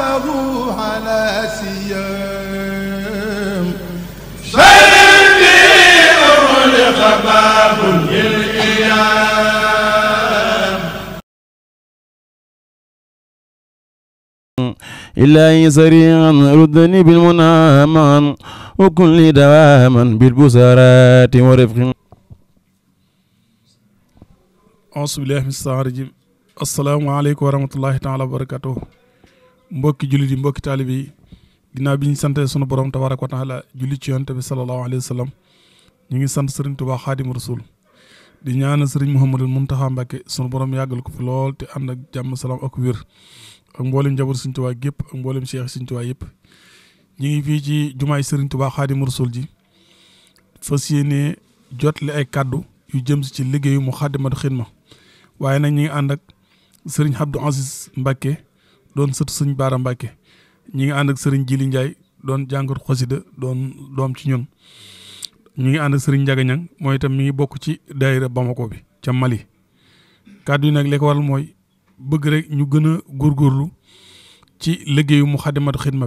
حافظوا على سيام سيدي أغلق باب للإيام إلهي سريعا ردني بالمنى معا وكن لي دواما بالبسارات ورفق أعوذ بالله من الشيطان الرجيم asalaamaaleykum wa rahmatullahi taala wa barakatuh mbokki jullit yi mbokki taalibe yi ginnaaw bi ñu sante sunu borom tabaraka wa taala julli ci yonte bi sallallahu alayhi wa sallam ñu ngi sant sëriñ Tuubaa xaadimu rasul di ñaana ñaanal sëriñ Muhammadul Muntaxa Mbàkke sunu borom yàggal ko fi lool te ànd ak jàmm salaam ak wér ak mboolem njaboot sëriñ Tuubaa gépp ak mboolem cheikh sëriñ Tuubaa yëpp ngi fii ci jumaay sëriñ Tuubaa xaadimu rasul ji fa fas yéene jotle ay kàddu yu jëm si ci liggéeyu Moukhaddamatoul ma waaye nag ñu ngi ànd ak sëriñ Abdou Aziz Mbàkke doon sëtu sëñ Baara Mbàkke ñi ngi ànd ak sëriñ Jili Njaay doon jàngat xasida doom ci ñun ñu ngi ànd ak sëriñ Njaga Ñang mooy itam mi ngi bokk ci daayira Bamako bi ca Mali kàddu yi nag li mooy bëgg ñu gën a góorgóorlu ci liggéeyu mu xadimatu xidma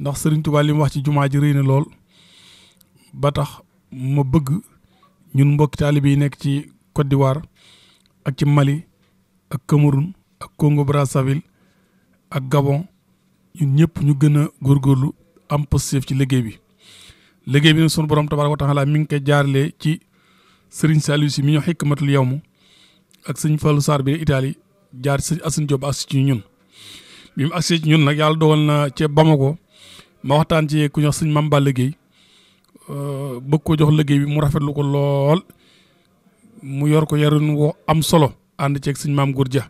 ndax sëriñ Tuubaa li wax ci jumaa ji rëy na lool ba ma bëgg ñun mbokki taalibe yi nekk ci Côte d'Ivoire ak ci Mali ak Cameroun ak Congo Brazzaville ak Gabon ñun ñëpp ñu gën a góorlu am positif ci liggéey bi liggéey bi nag sunu borom tabaaraka wa taala mi ngi koy jaarale ci Serigne Saliou si mi ñu xikmatul mu ak sëñ falu Sarr bi Italie jaar sëñ Assane Diop agsi ci ñun bi mu agsi ci ñun nag yàlla dogal na ci Bamako ma waxtaan ci ku ñox sëñ Mame Balla Guèye euh, bëgg ko jox liggéey bi mu rafetlu ko lool mu yor ko yarun am solo ànd ceeg sëñ Mame Gour ja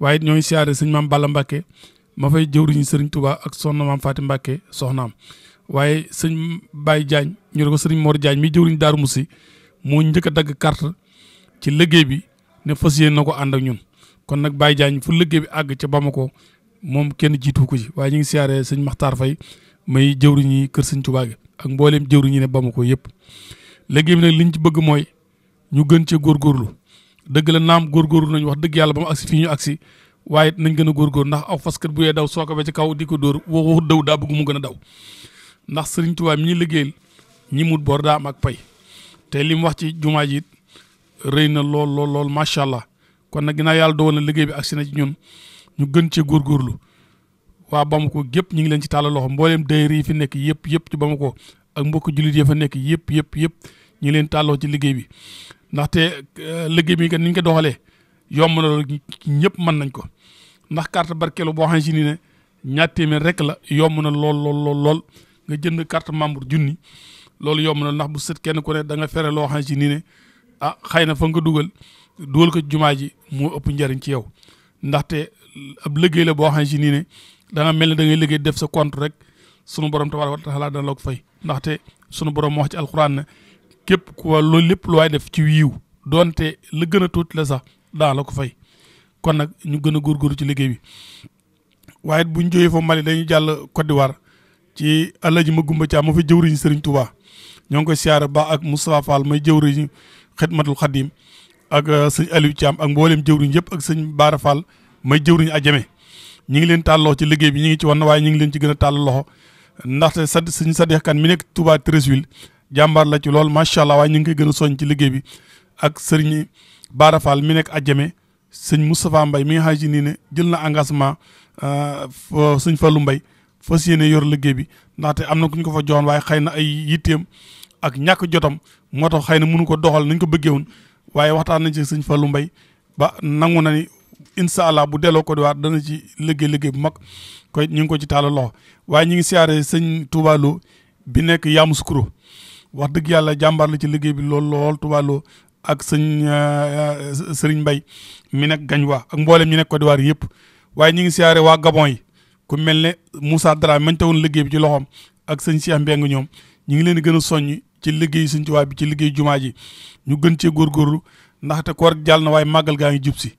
waaye ñoo ñooy siyaare sëñ maam Balla Mbacke ma fay jëwriñu sëriñ Touba ak soxna maam Fatim Mbacke soxnaam waaye sëñ Baye Diagne ñu ne sëriñ Mor Diagne mi jëwriñ Daaru Musi moo njëkk dagg carte ci liggéey bi ne fas yéene na ko ànd ak ñun kon nag Baye Diagne fu liggéey bi àgg ca Bamako moom kenn jiitu ko ci waaye ñu ngi siyaare sëñ Makhtar Faye may jëwriñi kër sëñ tubaa gi ak mbooleem jëwriñi ne ko yëpp léegi bi nag liñ ci bëgg mooy ñu gën cee góorgóorlu dëgg la naam góorgóorlu nañ wax dëgg yàlla ba mu agsi fii ñu agsi waaye nañ gën a góorgóor ndax aw faskat bu yee daw soo ko ba kaw di ko dóor woo waxut daw daa bëgg mu gën a daw ndax sëriñ Tuubaa mi ñu liggéeyal ñi mut boor daa am ak pay te li mu wax ci jumaa ji rëy na lool lool lool macha allah kon nag ginnaaw yàlla dogal na liggéey bi agsi na ci ñun ñu gën cee góorgóorlu waa Bamako gépp ñu ngi leen ci tàllal loxo mbooleem daayira yi fi nekk yëpp yëpp ci Bamako ak mbokk jullit yi fa nekk yëpp yëpp yëpp ñu ngi leen tàlloo ci liggéey bi ndaxte euh, liggéey bi ni ñu ko doxalee yomb na loolu ñëpp mën nañ ko ndax carte barkeelu boo xam si ni ne ñaar téeméer rek la yomb na lool lool lool nga jënd carte membre junni loolu yomb na ndax bu sët kenn ku ne da nga fere loo xam si ne ah xëy na fa nga ko dugal dugal ko jumaa ji moo ëpp njariñ ci yow ndaxte ab liggéey la boo xam si ni ne da mel ne da ngay liggéey def sa compte rek sunu borom tabaaraka wa taala dana la ko fay ndaxte sunu borom wax ci alxuraan ne képp ku wa loolu lépp lu waay def ci yiw doonte la gën a tuuti la sax daa la ko fay kon nag ñu gën a góorgóorlu ci liggéey bi waaye bu ñu jógee fa Mali dañu jàll Côte d'Ivoire ci Alaaji Magumba Caam ma fa jëwriñ Sëriñ Tuubaa ñoo ngi koy siyaare ba ak Moustapha Fall may jëwriñ Xidmatul Xadim ak euh, sëñ Aliou Thiam ak mboolem jëwriñ yëpp ak sëñ Baara Fall may jëwriñ Adjamé ñi ngi leen tàlloo ci liggéey bi ñi ngi ci wan waaye ñi ngi leen ci gën a tàll loxo ndaxte sa sëñ Sadex Kan mi nekk Touba Treichville jàmbaar la ci lool macha allah waaye ñu ngi koy gën a soñ ci liggéey ak sëriñ Bara Fall mi nekk jeme sëñ Moustapha mbay mi nga xam nii ne jël na engagement euh, sëñ Fallou mbay fas yéene yor liggéey bi ndaxte am na ku ñu ko fa joxoon waaye xëy na ay yitteem ak ñàkk jotam moo tax xëy na mënu ko doxal nañ ko bëggee woon waaye waxtaan nañ ci sëñ Fallou mbay ba nangu na ni allah bu delloo ko di waat dana ci liggéey liggéey bu mag koy ñu ngi ko ci taal loxo waaye ñu ngi siyaare sëñ Touba bi nekk Yamoussoukro wax dëgg yàlla jàmbaar la ci liggéey bi lool lool tubaaloo ak sëñ euh, euh, sëriñ Mbay mi nekk Gañwa ak mboolem ñi nekk Côte yëpp waaye ñu ngi siyaare waa Gabon yi ku mel ne Moussa Dramé mañ tawoon liggéey bi ci loxoom ak sëñ Cheikh Mbeng ñoom ñu ngi leen di gën a soññ ci liggéey sëñ Tuubaa bi ci liggéey jumaa ji ñu gën ci cee góorgóorlu ndaxte kor jal na waaye màggal gaa ngi jub si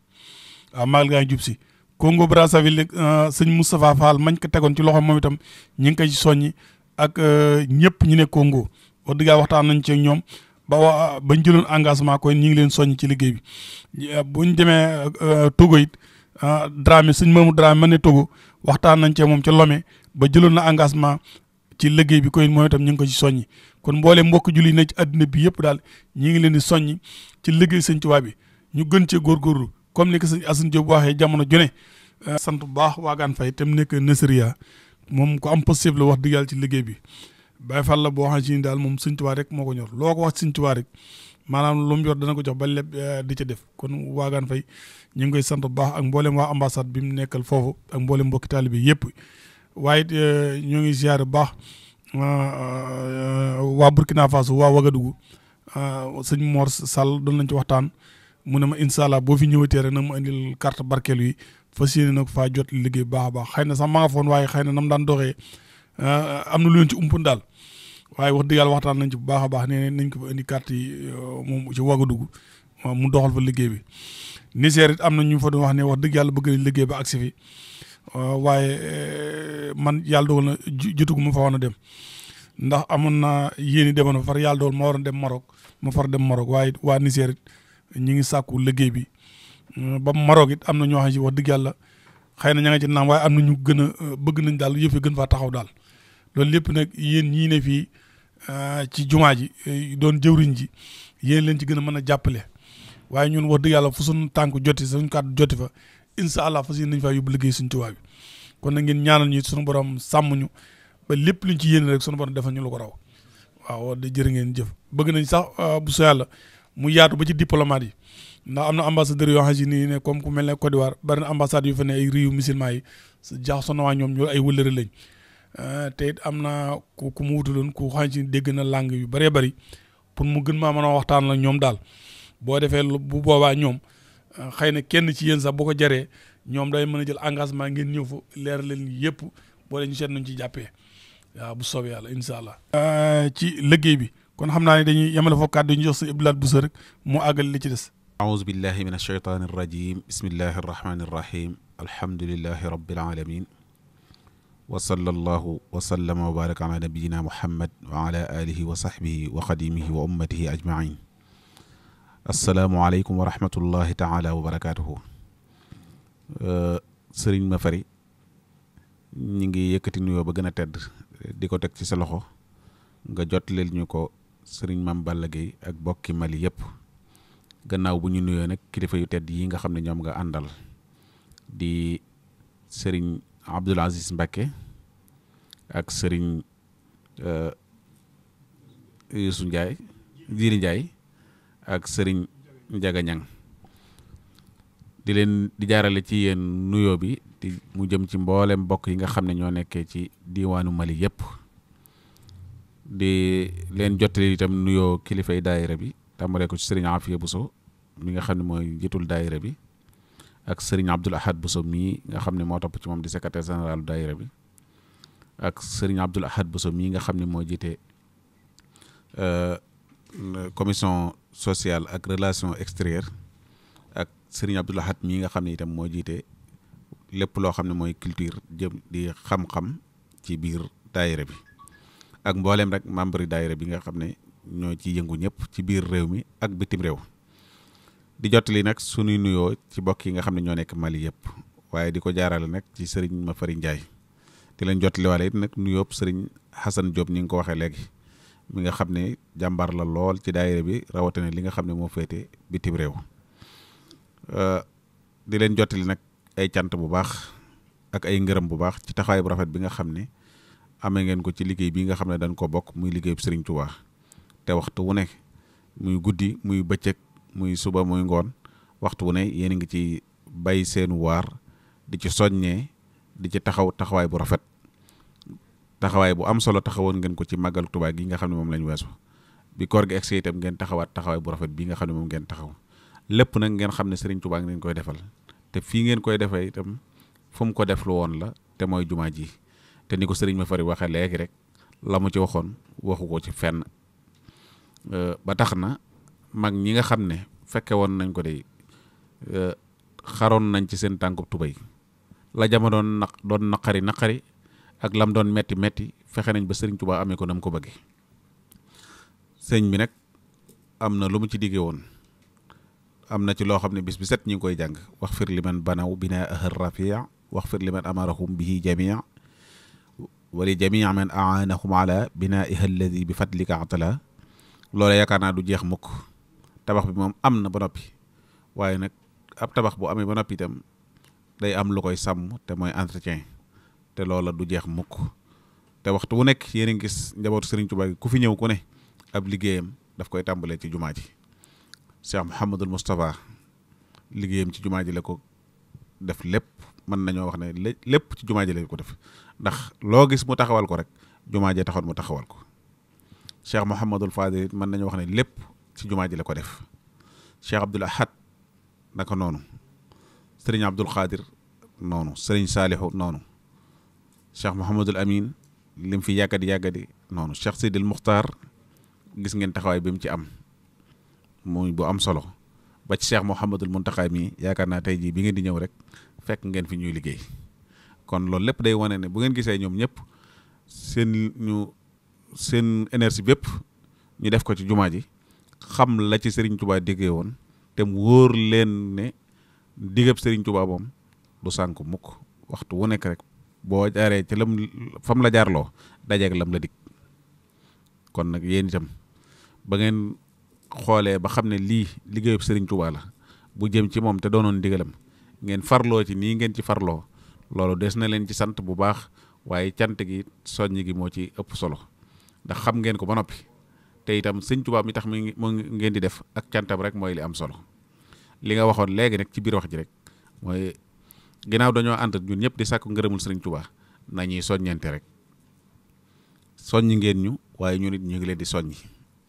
waaw màggal gaa ngi jub si Congo Brazzaville euh, sëñ Moustapha Fall mañ ko tegoon ci loxoom moom itam ñu ngi koy soññ ak ñëpp ñu ne Congo wax dëgg waxtaan nañ ci ñoom ba wa bañ jëloon engagement koy ñu ngi leen soññ ci liggéey bi euh, buñ demee euh, Togo it ah, Dramé suñ moomu Dramé man ne Togo waxtaan nañ cee moom ca Lomé ba jëloon na engagement ci liggéey bi koy mooy itam ñu ngi ko ci soññi kon boole mbokk julli na ci àddina bi yëpp daal ñu ngi leen di soññ ci liggéey sëñ Tuubaa bi ñu gën ci cee góorgóorlu comme ni ko sëñ Assane Diop waxee jamono jone euh, sant bu baax waagaan fay tam nekk Nasriya moom ko am possible wax dëgg ci liggéey bi Baay Faal la boo xam si daal moom Sëñ Tuubaa rek moo ko ñor loo ko wax Sëñ Tuubaa maanaam lu mu yor dana ko jox ba lépp eh, di ca def kon waagaan fay ñu ngi koy sant bu baax ak mboolem waa ambassade bi mu nekkal foofu ak mboolem mbokki taalibe bi yëpp waaye eh, ñoo ngi ziare bu baax eh, waa Burkina Faso waa Wagadugu sëñ Mor Sall doon lañ ci waxtaan mu ne ma incha boo fi ñëwatee rek na mu indil carte barkeelu yi fas yéene na faa jot liggéey bu baax a baax xëy na sax ma nga waaye xëy na nam daan doxee. Euh, am na lu leen ci daal waaye wax dëgg yàlla waxtaan nañ ci bu baax a baax nee nañ ko fa indi carte yi euh, moom ci Ouagadougou mu doxal fa liggéey bi. Niger it am na ñu fa doon wax ne wax dëgg yàlla bëgg nañ liggéey ba agsi fi euh, waaye man yàlla dogal na jotagu ma fa woon a dem ndax amoon na yéen i demoon far yàlla dogal ma waroon dem Maroc ma far dem Maroc waaye waa Niger it ñu ngi sàkku liggéey bi ba Maroc it am na ñoo xam si wax dëgg yàlla xëy na ña nga ci naam waaye am na ñu gën a bëgg nañ daal yëf gën faa taxaw daal. loolu lépp nag yéen ñii ne fii euh, ci jumaa ji euh, doon jëwriñ ji yéen leen ci gën a mën a jàppale waaye ñun wax dëgg yàlla fu suñu tànk joti suñu kàddu joti fa incha allah fas yéen nañ faa yóbbu liggéey suñu tubaab bi kon na ngeen ñaanal ñu suñu borom sàmm ñu ba lépp luñ ci yéen rek sunu borom defal ñu lu ko raw waaw da jërë ngeen jëf bëgg nañ sax euh, bu soo yàlla mu yaatu ba ci diplomate yi ndax am na ambassadeur yoo xam si nii ne comme ku mel ne Côte d'Ivoire bari na ambassade yu fa ne ay réew musulman yi jaax sonawaa ñoom ñoo ay wëllëre lañ Euh, te it am na ku ku mu wutaloon ku xam si dégg na langue yu bëree bari pour mu gën maa mën a waxtaan la ñoom daal boo defee bu boobaa ñoom euh, xëy na kenn ci yéen sax bu ko jaree ñoom day mën a jël engagement ngeen ñëw fa leer leen yëpp boo leen ñu seet nañ ci jàppee waaw bu soobee yàlla incha allah. Euh, ci liggéey bi kon xam naa ne dañuy yemale foofu kàddu ñu jox sa iblaat bu sa rek mu àggal li ci des. aouzu billahi min alshaytaani arrajim bismillahi arrahmani arrahim alhamdulilahi rabbil alamin wa sallallahu wa sallama wa baraka ala nabiyina muhammad wa ala alihi wa sahbihi wa xadimihi wa ummatihi ajmain asalaamualeykum wa rahmatullahi taala wa barakatuhu euh, sëriñ ma fari ñi ngi yëkkati nuyoo ba gën a tedd di ko teg ci sa loxo nga jotleel ñu ko sëriñ Mame Balla Gueye ak bokki Mali yëpp gannaaw bu ñu nuyoo nag kilifa yu tedd yi nga xam ne ñoom nga àndal di sëriñ Abdoul Aziz Mbacké ak sëriñ euh, Youssou njaay Diri Ndiaye ak sëriñ Ndiaga Niang di leen di jaarale ci yéen nuyoo bi di mu jëm ci mboole mbokk yi nga xam ne ñoo nekkee ci diwaanu Mali yëpp di leen jottali itam nuyoo kilifay daayira bi tàmbalee ko ci sëriñ Afia Bousso mi nga xam ne mooy njiitul daayira bi ak sëriñ Abdul Ahad Bousso mii nga xam ne moo topp ci moom di secrétaire général daayira bi ak sëriñ Abdul Ahad Bousso mii nga xam ne moo jiite euh, commission sociale ak relation extérieure ak sëriñ Abdul Ahad mii nga xam ne itam moo jiite lépp loo xam ne mooy culture jëm di xam-xam ci biir daayira bi ak mbooleem rek membre yi daayira bi nga xam ne ñoo ci yëngu ñëpp ci biir réew mi ak bitim réew di jottali nag sunuy nuyoo ci bokk yi nga xam ne ñoo nekk Mali yëpp waaye di ko jaarale nag ci sëriñ Mafari Ndiaye di leen jottaliwaale it nag nuyoo sëriñ Xasan Diop ni nga ko waxee léegi mi nga xam ne jàmbaar la lool ci daay bi rawatina li nga xam ne moo féete bitim réew di leen jottali nag ay cant bu baax ak ay ngërëm bu baax ci taxawaay bu rafet bi nga xam ne amee ngeen ko ci liggéey bi nga xam ne dañ ko bokk muy liggéey bu Sëriñ Tuubaa te waxtu wu ne muy guddi muy bëccëg muy suba muy ngoon waxtu wu ne yéen a ngi ci bay seenu waar di ci soññee di ci taxaw taxawaay bu rafet taxawaay bu am solo taxawoon ngeen ko ci màggal Tuubaa gi nga xam ne moom lañ weesu bi koor gi egsi itam ngeen taxawaat taxawaay bu rafet bii nga ne moom ngeen taxaw lépp nag ngeen xam ne Sëriñ Tuubaa ngeen koy defal te fii ngeen koy defee itam fu mu ko def lu woon la te mooy jumaa ji te ni ko sëriñ ma fari waxee léegi rek la mu ci waxoon waxu ko ci fenn ba tax na mag ñi nga xam ne fekke woon nañ ko de euh, xaroon nañ ci seen tànkub tubéy la jamo doon naq doon naqari naqari ak lam doon metti metti fexe nañ ba sëriñ Tuubaa amee ko ko bëggee sëñ bi nag am na lu mu ci diggee woon am na ci loo xam ne bis bi set ñu ngi koy jàng wax fir li man banaw binaa ahar rafia wax fir li man amarahum bihi jamia wali jamia man aanahum ala binaiha alladi bi fadlika atala loola yaakaar naa du jeex mukk tabax bi moom am na ba waaye nag ab tabax boo amee ba noppi day am lu koy sàmm te mooy entretien te loola du jeex mukk te waxtu wu nekk yéen a gis njaboot Serigne Touba gi ku fi ñëw ku ne ab liggéeyam daf koy tàmbalee ci jumaa ji Cheikh Mouhamadul Moustapha liggéeyam ci jumaa ji la ko def lépp mën nañoo wax ne lépp ci jumaa ji la ko def ndax loo gis mu taxawal ko rek jumaa ji taxoon mu taxawal ko Cheikh Mouhamadul Fadil mën nañoo wax ne lépp ci jumaa ji la ko def Cheikh Abdoul Ahad naka noonu sëriñ Abdoul Khadir noonu sëriñ Saalihu noonu Cheikh Mouhamadul Amin lim fi yàggadi yàggadi noonu Cheikh Sidil Muxtaar gis ngeen taxawaay bi mu ci am muy bu am solo ba ci Cheikh Mouhamadul Muntaxa mi yaakaar naa tey jii bi ngeen di ñëw rek fekk ngeen fi ñuy liggéey kon loolu lépp day wane ne bu ngeen gisee ñoom ñëpp seen ñu seen bépp ñu def ko ci jumaa ji xam la ci sëriñ Touba diggee woon te mu wóor leen ne diggab sëriñ Touba moom du sànk mukk waxtu wu nekk rek boo jaaree ci lam fam la jaarloo dajeeg lam la dig kon nag yéen itam ba ngeen xoolee ba xam ne lii liggéeyub Serigne Touba la bu jëm ci moom te doonoon digalam ngeen farloo ci nii ngeen ci farloo loolu des na leen ci sant bu baax waaye cant gi soññ gi moo ci ëpp solo ndax xam ngeen ko ba noppi. te itam sëñ Tuubaa mi tax mi ngi mu ngeen di def ak cantam rek mooy li am solo li nga waxoon léegi nag ci biir wax ji rek mooy ginnaaw dañoo ànd ñun ñëpp di sàkku ngërëmul sëriñ Tuubaa nañuy soññante rek soññ ngeen ñu waaye ñun nit ñu ngi leen di soññ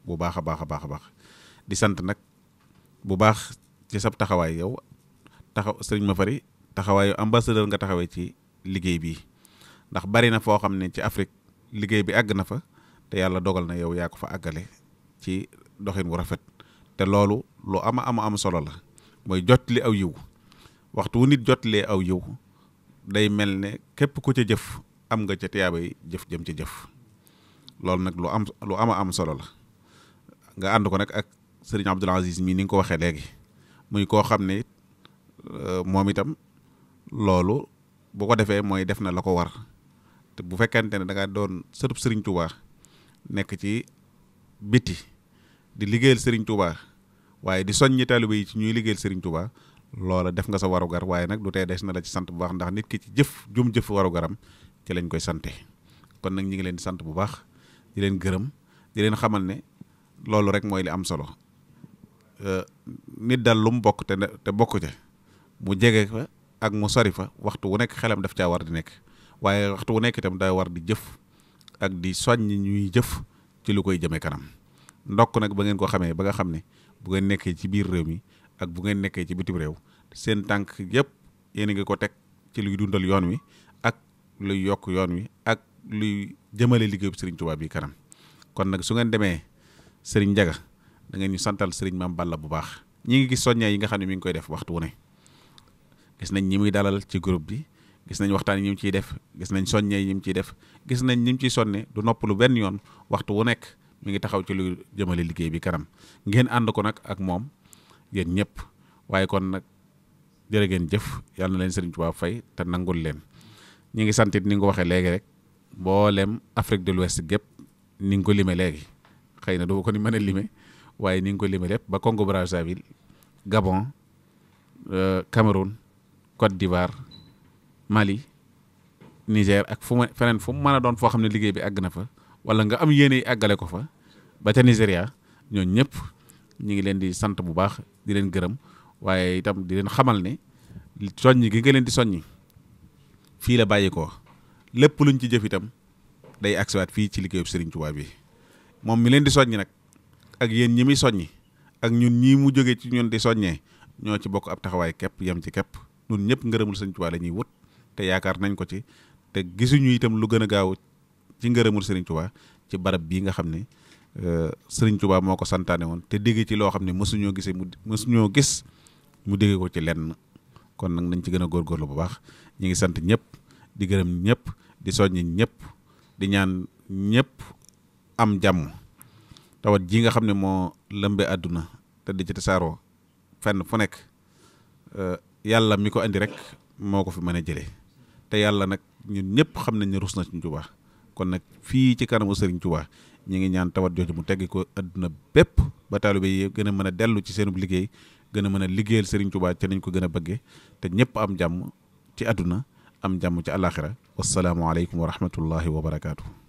bu baax a baax a baax a baax di sant nag bu baax ci sab taxawaay yow taxaw sëriñ ma fari taxawaayu ambassadeur nga taxawee ci liggéey bi ndax bari na foo xam ne ci Afrique liggéey bi àgg na fa te yàlla dogal na yow yaa ko fa àggale ci doxin wu rafet te loolu lu ama ama am solo la mooy jotli aw yiw waxtu wu nit jotlee aw yiw day mel ne képp ku ca jëf am nga ca tiyaabay jëf jëm ca jëf loolu nag lu am lu ama am solo la nga ànd ko nag ak sëriñ Abdul Aziz mii ni nga ko waxee léegi muy koo xam ne euh, moom itam loolu boo ko defee mooy def na la ko war te bu fekkente ne danga doon sëtub sëriñ Tuubaa nekk ci biti di liggéeyal sëriñ Touba waaye di soññi taalibe yi ci ñuy liggéeyal Serigne Touba loola def nga sa warugar waaye nag du tey des na la ci sant bu baax ndax nit ki ci jëf jum jëf warugaram ci lañ koy sante kon nag ñi ngi leen di sant bu baax di leen gërëm di leen xamal ne loolu rek mooy li am solo euh, nit dal lu mu bokk te te bokk ca mu jege fa ak mu sori fa waxtu wu nekk xelam daf caa war di nekk waaye waxtu wu nekk itam daa war di jëf. ak di soññ ñuy jëf ci lu koy jëmee kanam ndokk nag ba ngeen ko xamee ba nga xam ne bu ngeen nekkee ci biir réew mi ak bu ngeen nekkee ci bitim réew seen tànk yëpp yéen a ngi ko teg ci luy dundal yoon wi ak luy yokk yoon wi ak luy jëmale liggéeyu sëriñ Touba bi kanam kon nag su ngeen demee sëriñ Ndiaga da ngeen ñu santal Serigne Mame Balla bu baax ñi ngi gis soññee yi nga xam ne mu ngi koy def waxtu wu ne gis nañ ñi muy dalal ci groupe bi gis nañ waxtaan yi ñu ciy def gis nañ soññee yi ñu ciy def gis nañ ñi mu ciy sonne du noppalu benn yoon waxtu wu nekk mi ngi taxaw ci lu jëmale liggéey bi kanam ngeen ànd ko nag ak moom yéen ñëpp waaye kon nag jërë ngeen jëf yàlla na leen Sëriñ Tuubaa fay te nangul leen ñi ngi santit ni ngu ko waxee léegi rek mboolem Afrique de l'Ouest gépp ni nga ko lime léegi xëy na du ko ni mën a lime waaye ni nga ko lime lépp ba Congo Brazzaville Gabon euh, Cameroun Côte d'Ivoire Mali Niger ak fu ma feneen fu mu mën a doon foo xam ne liggéey bi àgg na fa wala nga am yéene yi àggale ko fa ba ca Nigéria ñooñu ñëpp ñu ngi leen di sant bu baax di leen gërëm waaye itam di leen xamal ne soññ gi nga leen di soññi fii la bàyyi ko lépp luñ ci jëf itam day agsiwaat fii ci liggéeyub sëriñ Touba bi moom mi leen di soññi nag ak yéen ñi muy soññi ak ñun ñii mu jógee ci ñun di soññee ñoo ci bokk ab taxawaay képp yem ci képp ñun ñëpp ngërëmul Serigne Touba la ñuy wut. yaakaar nañ ko ci te gisuñu itam lu gën a gaaw ci ngërëmul Serigne Touba ci barab bii nga xam ne euh, sëriñ Touba moo ko santaane woon te dégg ci loo xam ne mësuñoo gisee mu mësuñoo gis mu dégg ko ci lenn kon nag nañ ci gën a góorgóorlu bu baax ñu ngi sant ñëpp di gërëm ñëpp di soññi ñëpp di ñaan ñëpp am jàmm tawat ji nga xam ne moo lëmbe àdduna te di ci tasaaroo fenn fu nekk euh, yàlla mi ko indi rek moo ko fi mën a jëlee. te yàlla nag ñun ñëpp xam nañ ne rus na Sëriñ Tuubaa kon nag fii ci kanamu Sëriñ Tuubaa ñu ngi ñaan tawat jooju mu teggi ko àdduna bépp ba taalibe yi gën a mën a dellu ci seenub liggéey gën a mën a liggéeyal Sëriñ Tuubaa ci nañ ko gën a bëggee te ñëpp am jàmm ci àdduna am jàmm ci àllaaxira wassalaamu aleykum wa rahmatullahi wa barakaatu.